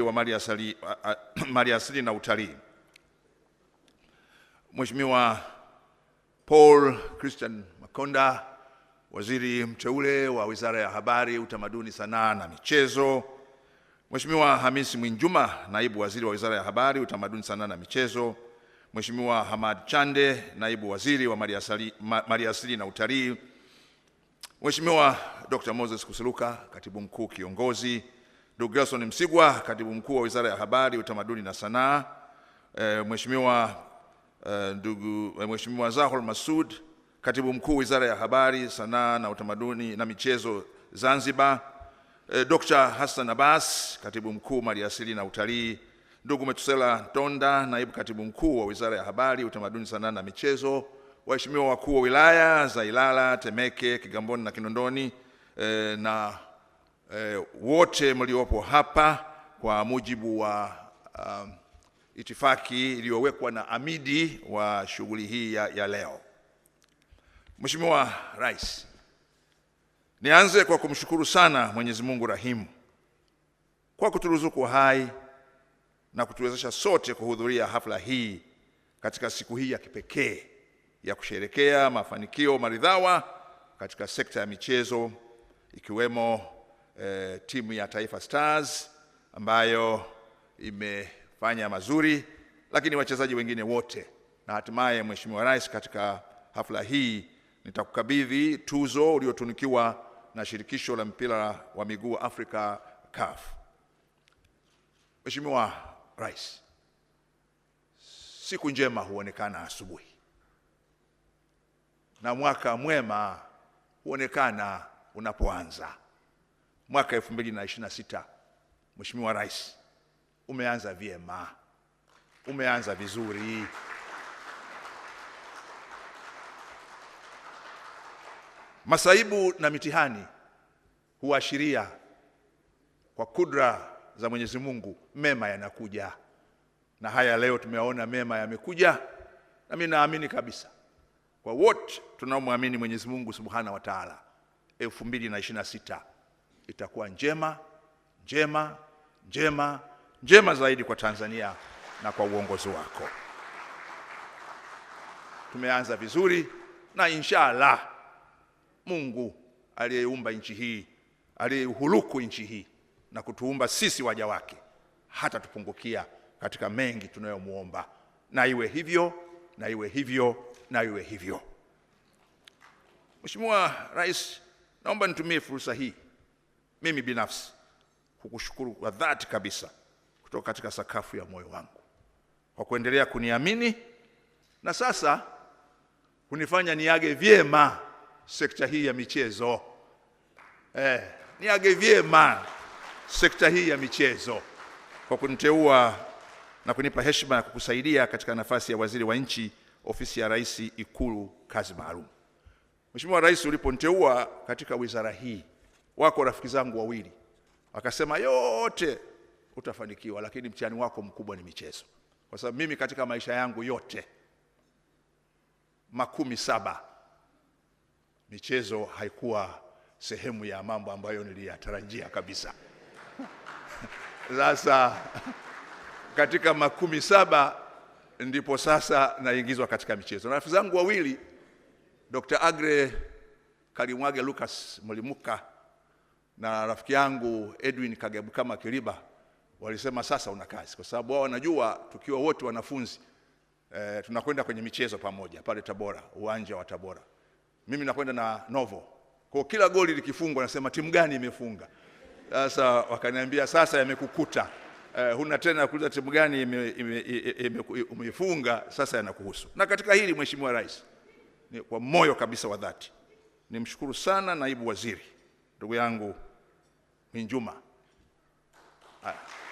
wa mali asili na utalii, Mheshimiwa Paul Christian Makonda, waziri mteule wa Wizara ya Habari, Utamaduni, Sanaa na Michezo, Mheshimiwa Hamisi Mwinjuma, naibu waziri wa Wizara ya Habari, Utamaduni, Sanaa na Michezo, Mheshimiwa Hamad Chande, naibu waziri wa asili na Utalii, Mheshimiwa Dr. Moses Kusiluka, katibu mkuu kiongozi Ndugu Gerson Msigwa, katibu mkuu wa Wizara ya Habari, Utamaduni na Sanaa, e, Mheshimiwa e, ndugu eh, Mheshimiwa Zahul Masud, katibu mkuu Wizara ya Habari, Sanaa na Utamaduni na Michezo Zanzibar, e, Dr. Hassan Abbas, katibu mkuu Maliasili na Utalii, ndugu Metusela Tonda, naibu katibu mkuu wa Wizara ya Habari, Utamaduni, Sanaa na Michezo, waheshimiwa wakuu wa wilaya za Ilala, Temeke, Kigamboni na Kinondoni e, na eh, wote mliopo hapa kwa mujibu wa um, itifaki iliyowekwa na amidi wa shughuli hii ya, ya leo. Mheshimiwa Rais, nianze kwa kumshukuru sana Mwenyezi Mungu rahimu kwa kuturuzuku hai na kutuwezesha sote kuhudhuria hafla hii katika siku hii ya kipekee ya kusherekea mafanikio maridhawa katika sekta ya michezo ikiwemo eh, timu ya Taifa Stars ambayo imefanya mazuri, lakini wachezaji wengine wote, na hatimaye Mheshimiwa Rais, katika hafla hii nitakukabidhi tuzo uliotunukiwa na shirikisho la mpira wa miguu Afrika CAF. Mheshimiwa Rais, siku njema huonekana asubuhi na mwaka mwema huonekana unapoanza mwaka 2026 Mheshimiwa Rais, umeanza vyema, umeanza vizuri. Masaibu na mitihani huashiria kwa kudra za Mwenyezi Mungu mema yanakuja, na haya leo tumeona mema yamekuja, na mimi naamini kabisa kwa wote tunaomwamini Mwenyezi Mungu Subhanahu wa Ta'ala, sita itakuwa njema njema njema njema zaidi kwa Tanzania na kwa uongozi wako. Tumeanza vizuri na inshallah Mungu aliyeumba nchi hii, aliyeuhuluku nchi hii na kutuumba sisi waja wake, hata tupungukia katika mengi tunayomuomba. Na iwe hivyo, na iwe hivyo, na iwe hivyo. Mheshimiwa Rais, naomba nitumie fursa hii mimi binafsi kukushukuru kwa dhati kabisa kutoka katika sakafu ya moyo wangu kwa kuendelea kuniamini na sasa kunifanya niage vyema sekta hii ya michezo eh, niage vyema sekta hii ya michezo kwa kuniteua na kunipa heshima ya kukusaidia katika nafasi ya waziri wa nchi ofisi ya Rais, Ikulu, kazi maalum. Mheshimiwa Rais, uliponiteua katika wizara hii wako rafiki zangu wawili, akasema yote utafanikiwa, lakini mtihani wako mkubwa ni michezo. Kwa sababu mimi katika maisha yangu yote makumi saba michezo haikuwa sehemu ya mambo ambayo niliyatarajia kabisa. Sasa katika makumi saba ndipo sasa naingizwa katika michezo. Rafiki zangu wawili Dr. Agre Kalimwage Lucas mlimuka na rafiki yangu Edwin kama Kiliba walisema sasa una kazi, kwa sababu wao wanajua tukiwa wote wanafunzi e, tunakwenda kwenye michezo pamoja pale Tabora, uwanja wa Tabora. Mimi nakwenda na Novo, kwa kila goli likifungwa nasema timu gani imefunga. Sasa wakaniambia sasa yamekukuta, e, huna tena kuuliza timu gani umeifunga, sasa yanakuhusu. Na katika hili Mheshimiwa Rais, ni kwa moyo kabisa wa dhati nimshukuru sana naibu waziri ndugu yangu Minjuma.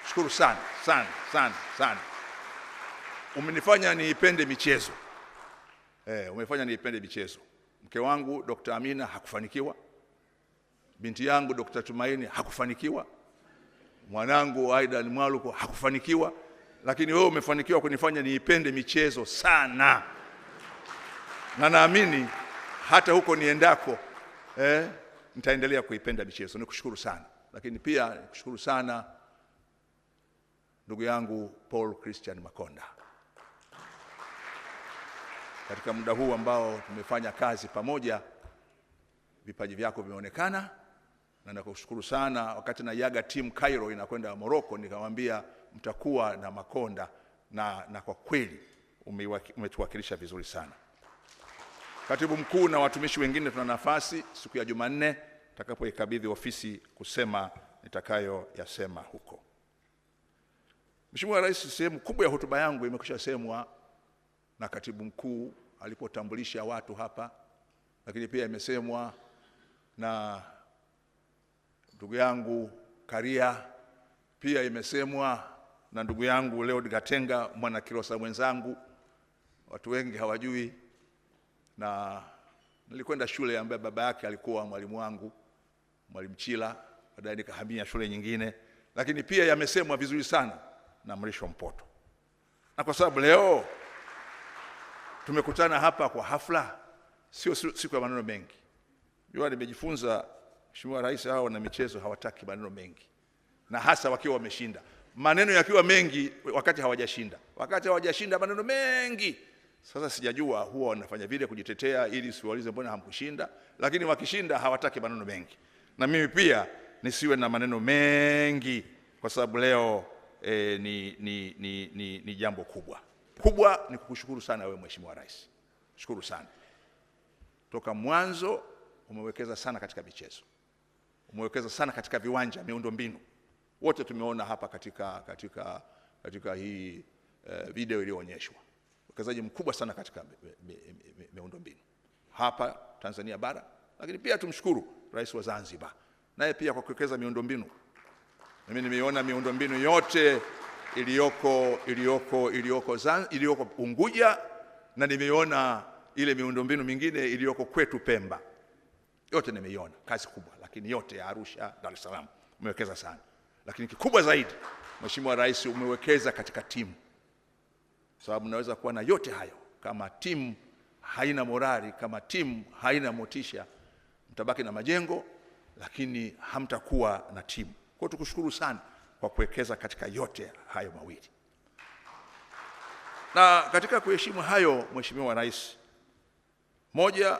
Shukuru sana sana sana sana, umenifanya niipende michezo eh, umefanya niipende michezo. Mke wangu Dr. Amina hakufanikiwa, binti yangu Dr. Tumaini hakufanikiwa, mwanangu Aidan Mwaluko hakufanikiwa, lakini wewe umefanikiwa kunifanya niipende michezo sana, na naamini hata huko niendako eh, nitaendelea kuipenda michezo. Nikushukuru sana. Lakini pia nikushukuru sana ndugu yangu Paul Christian Makonda katika muda huu ambao tumefanya kazi pamoja, vipaji vyako vimeonekana, na nakushukuru sana. Wakati naiaga timu Cairo inakwenda Morocco, nikamwambia mtakuwa na Makonda na, na kwa kweli umetuwakilisha vizuri sana. Katibu mkuu na watumishi wengine, tuna nafasi siku ya Jumanne takapoikabidhi ofisi kusema nitakayoyasema huko. Mheshimiwa Rais, sehemu kubwa ya hotuba yangu imekwisha semwa na katibu mkuu alipotambulisha watu hapa, lakini pia imesemwa na ndugu yangu Karia, pia imesemwa na ndugu yangu leo Gatenga, mwana Kilosa mwenzangu. Watu wengi hawajui, na nilikwenda shule ambaye baba yake alikuwa mwalimu wangu. Mwalimu Chila, baadaye nikahamia shule nyingine, lakini pia yamesemwa vizuri sana na Mrisho Mpoto. Na kwa sababu leo tumekutana hapa kwa hafla, sio siku ya maneno mengi. Jua nimejifunza Mheshimiwa Rais, hao wana michezo hawataki maneno mengi, na hasa wakiwa wameshinda. Maneno yakiwa mengi wakati hawajashinda, wakati hawajashinda maneno mengi. Sasa sijajua huwa wanafanya vile kujitetea, ili siwaulize mbona hamkushinda, lakini wakishinda hawataki maneno mengi na mimi pia nisiwe na maneno mengi, kwa sababu leo e, ni, ni, ni, ni, ni jambo kubwa kubwa. Ni kukushukuru sana wewe Mheshimiwa Rais, shukuru sana toka mwanzo umewekeza sana katika michezo, umewekeza sana katika viwanja, miundombinu. Wote tumeona hapa katika, katika, katika hii uh, video iliyoonyeshwa uwekezaji mkubwa sana katika miundombinu mbinu hapa Tanzania bara, lakini pia tumshukuru rais wa Zanzibar, naye pia kwa kuwekeza miundombinu. Mimi nimeona miundombinu yote iliyoko iliyoko iliyoko iliyoko Unguja na nimeona ile miundombinu mingine iliyoko kwetu Pemba, yote nimeiona. Kazi kubwa, lakini yote ya Arusha, Dar es Salaam umewekeza sana, lakini kikubwa zaidi, Mheshimiwa Rais, umewekeza katika timu, sababu naweza kuwa na yote hayo kama timu haina morali, kama timu haina motisha mtabaki na majengo lakini hamtakuwa na timu. Kwa tukushukuru sana kwa kuwekeza katika yote hayo mawili, na katika kuheshimu hayo, Mheshimiwa Rais, moja,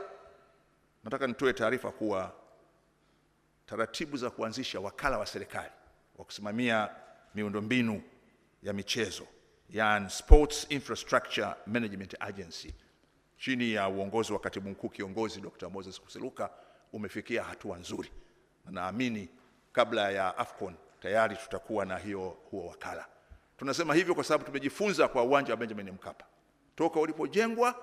nataka nitoe taarifa kuwa taratibu za kuanzisha wakala wa serikali wa kusimamia miundombinu ya michezo yani Sports Infrastructure Management Agency chini ya uongozi wa Katibu Mkuu Kiongozi Dr. Moses Kusiluka umefikia hatua nzuri, na naamini kabla ya AFCON tayari tutakuwa na hiyo huo wakala. Tunasema hivyo kwa sababu tumejifunza kwa uwanja wa Benjamin Mkapa, toka ulipojengwa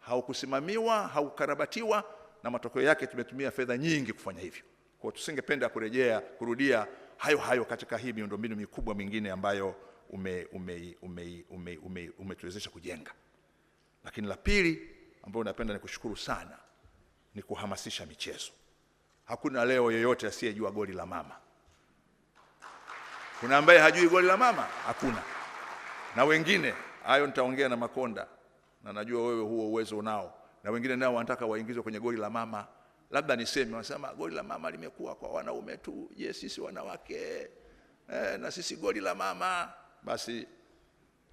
haukusimamiwa, haukarabatiwa, na matokeo yake tumetumia fedha nyingi kufanya hivyo. Kwa tusingependa kurejea kurudia hayo hayo katika hii miundombinu mikubwa mingine ambayo umetuwezesha ume, ume, ume, ume, ume kujenga. Lakini la pili ambayo napenda nikushukuru sana ni kuhamasisha michezo. Hakuna leo yeyote asiyejua goli la mama. Kuna ambaye hajui goli la mama? Hakuna. Na wengine hayo nitaongea na Makonda, na najua wewe huo uwezo unao, na wengine nao wanataka waingizwe kwenye goli la mama. Labda niseme, wanasema goli la mama limekuwa kwa wanaume tu. Je, sisi wanawake e, na sisi goli la mama? Basi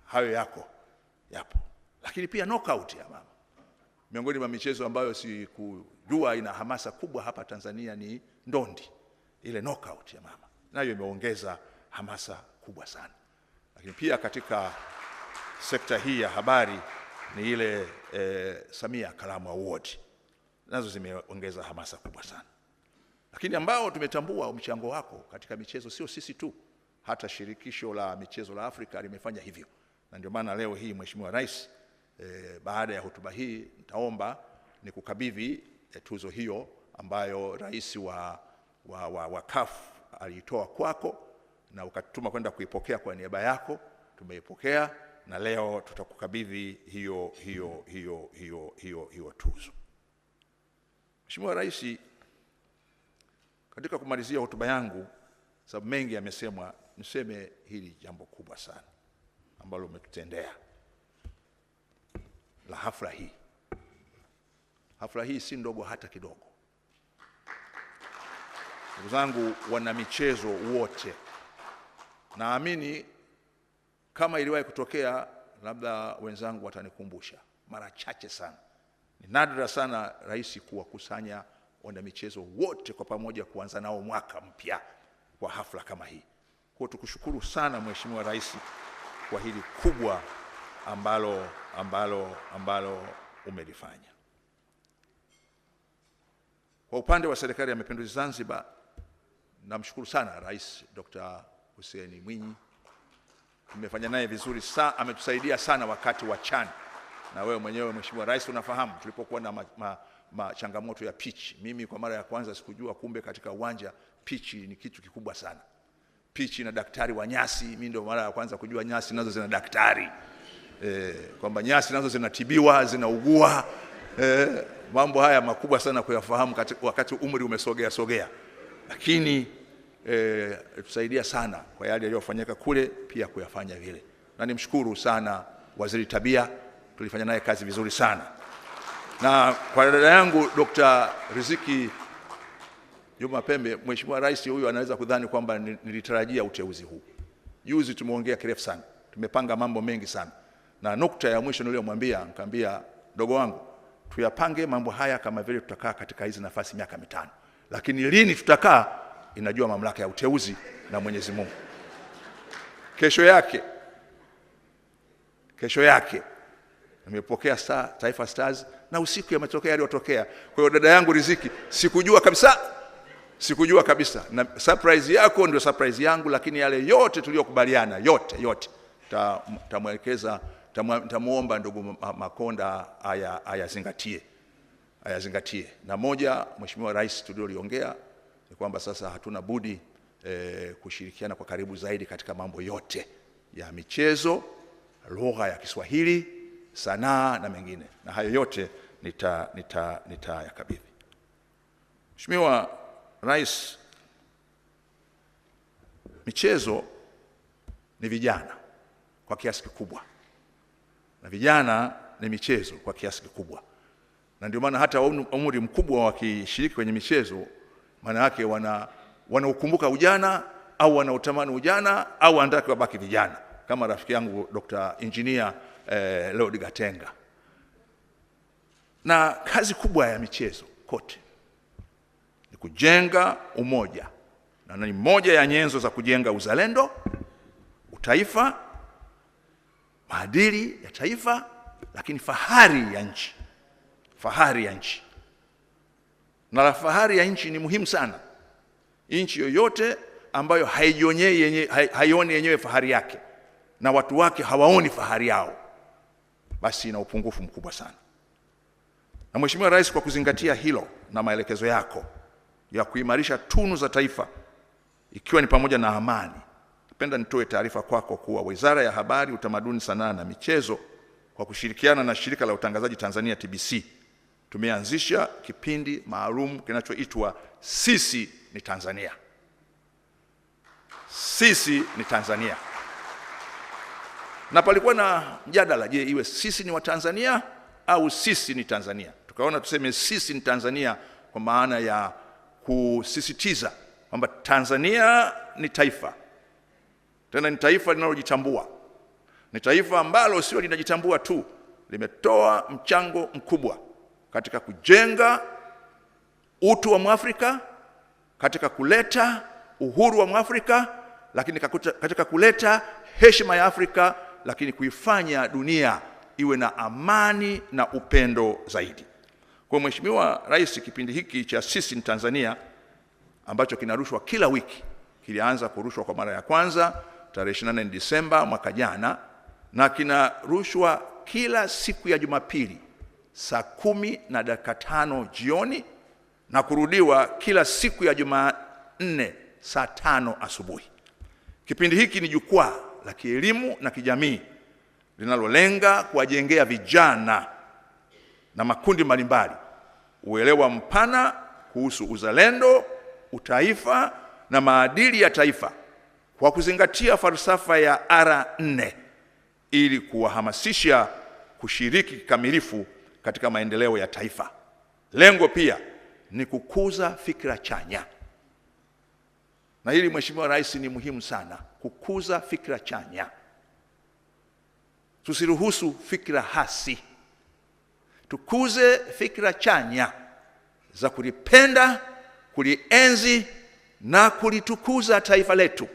hayo yako yapo, lakini pia knockout ya mama Miongoni mwa michezo ambayo sikujua ina hamasa kubwa hapa Tanzania ni ndondi, ile knockout ya mama, nayo imeongeza hamasa kubwa sana. Lakini pia katika sekta hii ya habari ni ile e, Samia Kalamu Award, nazo zimeongeza hamasa kubwa sana. Lakini ambao tumetambua mchango wako katika michezo, sio sisi tu, hata shirikisho la michezo la Afrika limefanya hivyo, na ndio maana leo hii Mheshimiwa Rais e, baada ya hotuba hii nitaomba kukabidhi e, tuzo hiyo ambayo rais wa, wa, wa, wa CAF aliitoa kwako na ukatuma kwenda kuipokea kwa niaba yako. Tumeipokea na leo tutakukabidhi hiyo, hiyo, hiyo, hiyo, hiyo, hiyo tuzo. Mheshimiwa Rais, katika kumalizia hotuba yangu, sababu mengi yamesemwa, niseme hili jambo kubwa sana ambalo umetutendea la hafla hii. Hafla hii si ndogo hata kidogo. Ndugu zangu wana michezo wote, naamini kama iliwahi kutokea, labda wenzangu watanikumbusha, mara chache sana, ni nadra sana rais kuwakusanya wana michezo wote kwa pamoja kuanza nao mwaka mpya kwa hafla kama hii. Kwa tukushukuru sana Mheshimiwa Rais kwa hili kubwa ambalo ambalo, ambalo umelifanya. Kwa upande wa Serikali ya Mapinduzi Zanzibar, namshukuru sana Rais Dr. Hussein Mwinyi, tumefanya naye vizuri sana, ametusaidia sana wakati wa chan na wewe mwenyewe Mheshimiwa Rais unafahamu tulipokuwa na ma, ma, ma changamoto ya pichi. Mimi kwa mara ya kwanza sikujua kumbe katika uwanja pichi ni kitu kikubwa sana, pichi na daktari wa nyasi. Mimi ndio mara ya kwanza kujua nyasi nazo zina daktari eh, kwamba nyasi nazo zinatibiwa zinaugua eh, mambo haya makubwa sana kuyafahamu wakati umri umesogea sogea, lakini eh, tusaidia sana kwa yale yaliyofanyika kule pia kuyafanya vile, na nimshukuru sana Waziri Tabia, tulifanya naye kazi vizuri sana na kwa dada yangu Dr. Riziki Juma Pembe, Mheshimiwa Rais huyu anaweza kudhani kwamba nilitarajia uteuzi huu. Juzi tumeongea kirefu sana, tumepanga mambo mengi sana na nukta ya mwisho niliyomwambia nikamwambia, mdogo wangu, tuyapange mambo haya kama vile tutakaa katika hizi nafasi miaka mitano, lakini lini tutakaa inajua mamlaka ya uteuzi na Mwenyezi Mungu. Kesho yake kesho yake nimepokea star, Taifa Stars na usiku yametokea yaliyotokea. Kwa hiyo dada yangu Riziki, sikujua kabisa, sikujua kabisa, na surprise yako ndio surprise yangu, lakini yale yote tuliyokubaliana yote yote tamwelekeza ta Nitamuomba ndugu Makonda ayazingatie aya ayazingatie. Na moja, Mheshimiwa Rais, tulioliongea ni kwamba sasa hatuna budi e, kushirikiana kwa karibu zaidi katika mambo yote ya michezo, lugha ya Kiswahili, sanaa na mengine, na hayo yote nita nita kabidhi Mheshimiwa Rais. Michezo ni vijana kwa kiasi kikubwa na vijana ni michezo kwa kiasi kikubwa, na ndio maana hata umri mkubwa wakishiriki kwenye michezo, maana yake wana wanaukumbuka ujana au wanautamani ujana au wanataka wabaki vijana, kama rafiki yangu Dr. Engineer eh, Lord Gatenga. Na kazi kubwa ya michezo kote ni kujenga umoja, na ni moja ya nyenzo za kujenga uzalendo, utaifa maadili ya taifa, lakini fahari ya nchi, fahari ya nchi. Na la fahari ya nchi ni muhimu sana. Nchi yoyote ambayo haioni yenyewe fahari yake na watu wake hawaoni fahari yao, basi ina upungufu mkubwa sana. Na Mheshimiwa Rais, kwa kuzingatia hilo na maelekezo yako ya kuimarisha tunu za taifa ikiwa ni pamoja na amani Napenda nitoe taarifa kwako kuwa Wizara ya Habari, Utamaduni, Sanaa na Michezo kwa kushirikiana na Shirika la Utangazaji Tanzania TBC tumeanzisha kipindi maalum kinachoitwa Sisi ni Tanzania. Sisi ni Tanzania. Na palikuwa na mjadala, je, iwe sisi ni Watanzania au sisi ni Tanzania? Tukaona tuseme sisi ni Tanzania kwa maana ya kusisitiza kwamba Tanzania ni taifa tena ni taifa linalojitambua, ni taifa ambalo sio linajitambua tu, limetoa mchango mkubwa katika kujenga utu wa Mwafrika, katika kuleta uhuru wa Mwafrika, lakini katika kuleta heshima ya Afrika, lakini kuifanya dunia iwe na amani na upendo zaidi. Kwa Mheshimiwa Rais, kipindi hiki cha sisi ni Tanzania ambacho kinarushwa kila wiki, kilianza kurushwa kwa mara ya kwanza tarehe 24 Disemba mwaka jana, na kinarushwa kila siku ya Jumapili saa kumi na dakika tano jioni na kurudiwa kila siku ya Jumanne saa tano asubuhi. Kipindi hiki ni jukwaa la kielimu na kijamii linalolenga kuwajengea vijana na makundi mbalimbali uelewa mpana kuhusu uzalendo, utaifa na maadili ya taifa kwa kuzingatia falsafa ya R4 ili kuwahamasisha kushiriki kikamilifu katika maendeleo ya taifa. Lengo pia ni kukuza fikra chanya, na hili Mheshimiwa Rais, ni muhimu sana kukuza fikra chanya. Tusiruhusu fikra hasi, tukuze fikra chanya za kulipenda, kulienzi na kulitukuza taifa letu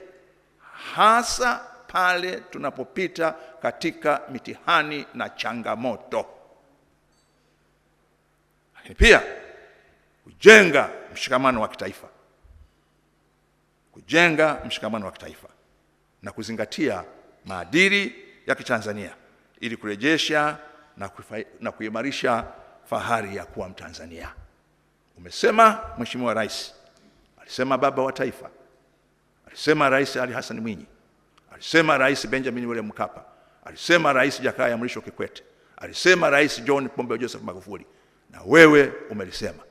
hasa pale tunapopita katika mitihani na changamoto. Lakini pia kujenga mshikamano wa kitaifa, kujenga mshikamano wa kitaifa na kuzingatia maadili ya Kitanzania ili kurejesha na, na kuimarisha fahari ya kuwa Mtanzania. Umesema Mheshimiwa Rais, alisema baba wa taifa Alisema Rais Ali Hassan Mwinyi, alisema Rais Benjamin William Mkapa, alisema Rais Jakaya Mrisho Kikwete, alisema Rais John Pombe Joseph Magufuli, na wewe umelisema.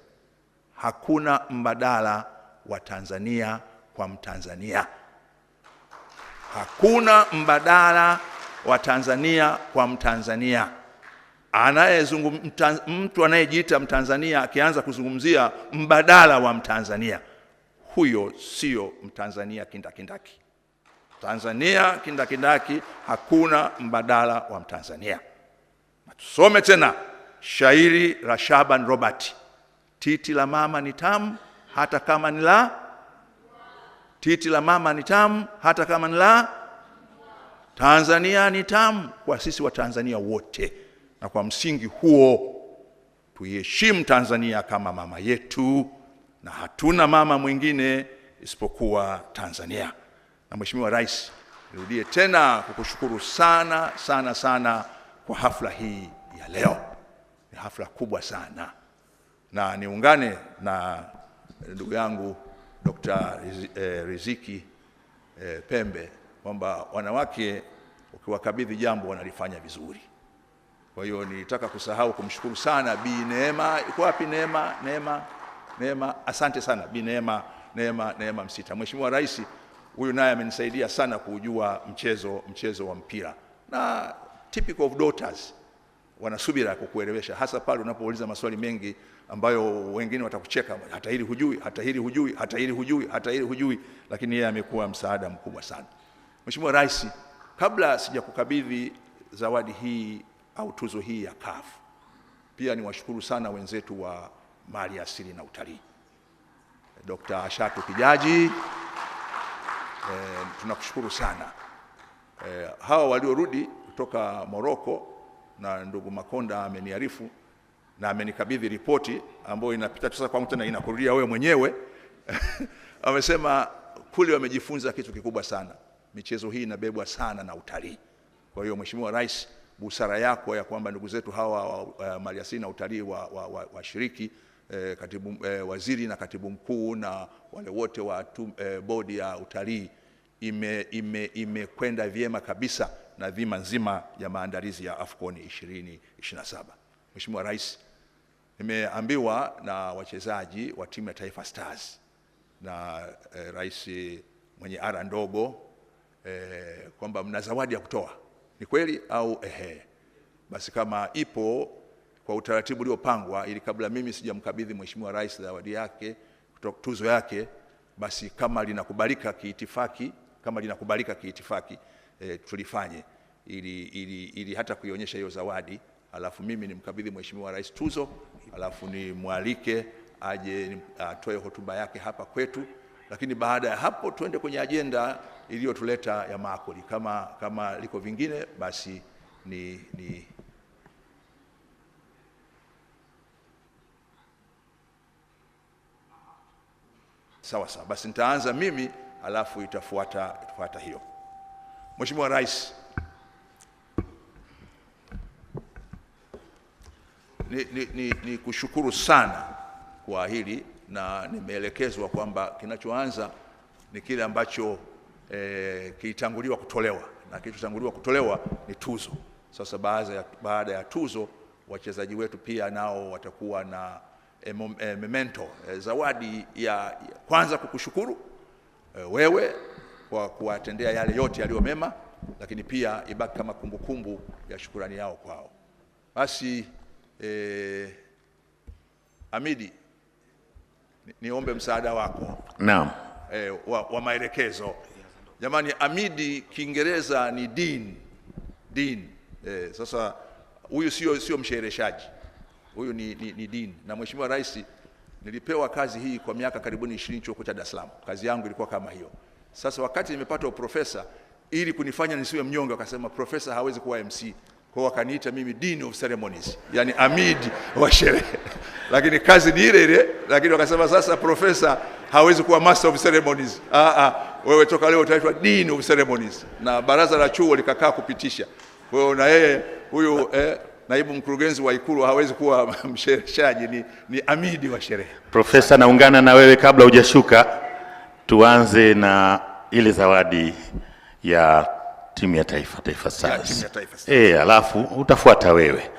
Hakuna mbadala wa Tanzania kwa Mtanzania, hakuna mbadala wa Tanzania kwa Mtanzania. anayezungumza mtu anayejiita Mtanzania akianza kuzungumzia mbadala wa Mtanzania huyo sio mtanzania kindakindaki. Tanzania kindakindaki, hakuna mbadala wa Mtanzania. Na tusome tena shairi la Shaban Robert, titi la mama ni tamu hata kama ni la titi la mama ni tamu hata kama ni la Tanzania ni tamu kwa sisi Watanzania wote, na kwa msingi huo tuiheshimu Tanzania kama mama yetu na hatuna mama mwingine isipokuwa Tanzania. Na Mheshimiwa Rais, nirudie tena kukushukuru sana sana sana kwa hafla hii ya leo. Ni hafla kubwa sana, na niungane na ndugu yangu Dr. Eh, Riziki eh, Pembe kwamba wanawake ukiwakabidhi jambo wanalifanya vizuri. Kwa hiyo nitaka kusahau kumshukuru sana Bi Neema. Iko wapi Neema? Neema Neema, asante sana Bi Neema, Neema, Neema Msita. Mheshimiwa Rais huyu naye amenisaidia sana kujua mchezo, mchezo wa mpira na typical of daughters wanasubira kukuelewesha, hasa pale unapouliza maswali mengi ambayo wengine watakucheka, hata hili hujui, hata hili hujui, hata hili hujui, hata hili hujui, lakini yeye amekuwa msaada mkubwa sana. Mheshimiwa Rais, kabla sijakukabidhi zawadi hii au tuzo hii ya CAF, pia niwashukuru sana wenzetu wa mali asili na utalii, Dr. Ashatu Kijaji. E, tunakushukuru sana e, hawa waliorudi kutoka Moroko na ndugu Makonda ameniarifu na amenikabidhi ripoti ambayo inapita sasa kwangu tena inakurudia wewe mwenyewe amesema kule wamejifunza kitu kikubwa sana. Michezo hii inabebwa sana na utalii. Kwa hiyo Mheshimiwa Rais, busara yako ya kwamba ndugu zetu hawa wa, maliasili na utalii washiriki wa, wa, wa eh, katibu, eh, waziri na katibu mkuu na wale wote wa eh, bodi ya utalii imekwenda ime, ime vyema kabisa na dhima nzima ya maandalizi ya AFCON 2027. Mheshimiwa Rais, nimeambiwa na wachezaji wa timu ya Taifa Stars na eh, rais mwenye ara ndogo eh, kwamba mna zawadi ya kutoa. Ni kweli au ehe? Basi kama ipo kwa utaratibu uliopangwa, ili kabla mimi sijamkabidhi Mheshimiwa Rais zawadi yake kutoka tuzo yake, basi kama linakubalika kiitifaki, kama linakubalika kiitifaki e, tulifanye ili, ili, ili hata kuionyesha hiyo zawadi, alafu mimi nimkabidhi Mheshimiwa Rais tuzo, alafu nimwalike aje atoe hotuba yake hapa kwetu, lakini baada ya hapo tuende kwenye ajenda iliyotuleta ya maakuli. Kama, kama liko vingine basi ni, ni Sawa sawa, basi nitaanza mimi alafu itafuata, itafuata hiyo. Mheshimiwa Rais, ni, ni, ni, ni kushukuru sana kwa hili na nimeelekezwa kwamba kinachoanza ni kile ambacho eh, kilitanguliwa kutolewa na kilichotanguliwa kutolewa ni tuzo. Sasa baada ya, baada ya tuzo wachezaji wetu pia nao watakuwa na e, mom, e, memento e, zawadi ya kwanza kukushukuru e, wewe kwa kuwatendea yale yote yaliyo mema, lakini pia ibaki kama kumbukumbu ya shukurani yao kwao. Basi e, Amidi, niombe ni msaada wako naam, e, wa, wa maelekezo jamani. Amidi Kiingereza ni dean dean. E, sasa huyu sio sio mshereheshaji Huyu ni, ni, ni dini. Na Mheshimiwa Rais, nilipewa kazi hii kwa miaka karibuni 20 chuo cha Dar es Salaam. Kazi yangu ilikuwa kama hiyo. Sasa wakati nimepata uprofesa, ili kunifanya nisiwe mnyonge, wakasema profesa hawezi kuwa MC kwao, wakaniita mimi dean of ceremonies, yani amid wa sherehe lakini kazi ni ile ile, lakini wakasema sasa profesa hawezi kuwa master of ceremonies. Ah, ah, wewe toka leo utaitwa dean of ceremonies, na baraza la chuo likakaa kupitisha. Kwa hiyo na yeye huyu eh, naibu mkurugenzi wa Ikulu hawezi kuwa mshereheshaji, ni, ni amidi wa sherehe. Profesa, naungana na wewe. Kabla hujashuka, tuanze na ile zawadi ya timu ya taifa Taifa Stars, eh, alafu utafuata wewe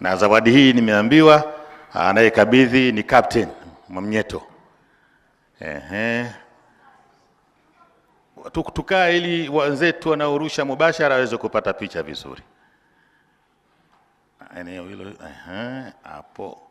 na zawadi hii. Nimeambiwa anayekabidhi ni captain Mwamnyeto. Ehe, tukae ili wenzetu wanaorusha mubashara waweze kupata picha vizuri eneo hilo hapo